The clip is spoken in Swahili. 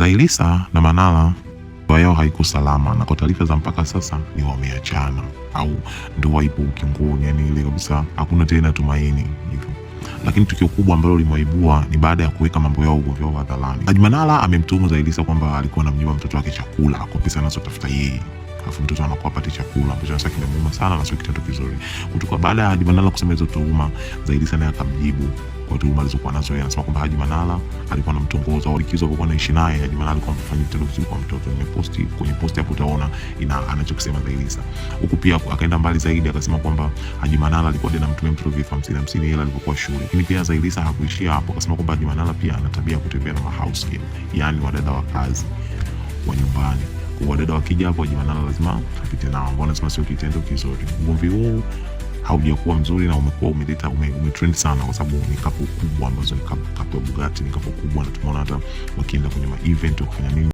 Zailisa na manala ndoa yao haiko salama, na kwa taarifa za mpaka sasa ni wameachana au ndoa ipo ukingoni, yani ile kabisa hakuna tena tumaini hivyo. Lakini tukio kubwa ambalo limewaibua ni baada ya kuweka mambo yao ugomvi wao hadharani. Haji Manara amemtuhumu Zailisa kwamba alikuwa anamnyima mtoto wake chakula kwa pesa anazotafuta yeye. Alafu mtoto anakuwa apate chakula ambacho sasa kimemuuma sana na sio kitendo kizuri. Kutoka baada ya Haji Manara kusema hizo tuhuma, Zaidi sana akamjibu kwa tuhuma alizokuwa nazo yeye. Anasema kwamba Haji Manara alikuwa anamtongoza au likizo alikuwa anaishi naye. Haji Manara alikuwa anafanya kitendo kizuri kwa mtoto. Nimeposti kwenye posti hapo, utaona ina anachokisema Zaidi sana. Huku pia akaenda mbali zaidi akasema kwamba Haji Manara alikuwa ndiye anamtumia mtoto elfu hamsini hamsini hela alipokuwa shule. Lakini pia Zaidi sana hakuishia hapo, akasema kwamba Haji Manara pia ana tabia ya kutembea na house girl, yaani wadada wa kazi wa nyumbani wadada wakija hapo wajimanana, lazima tupite nao, mbona lazima sio kitendo kizuri. Ugomvi huu haujakuwa mzuri na umekuwa umeleta umetrend sana, kwa sababu ni kapu kubwa ambazo ni kapu ya Bugatti, ni kapu kubwa, na tumeona hata wakienda kwenye maevent wakifanya nini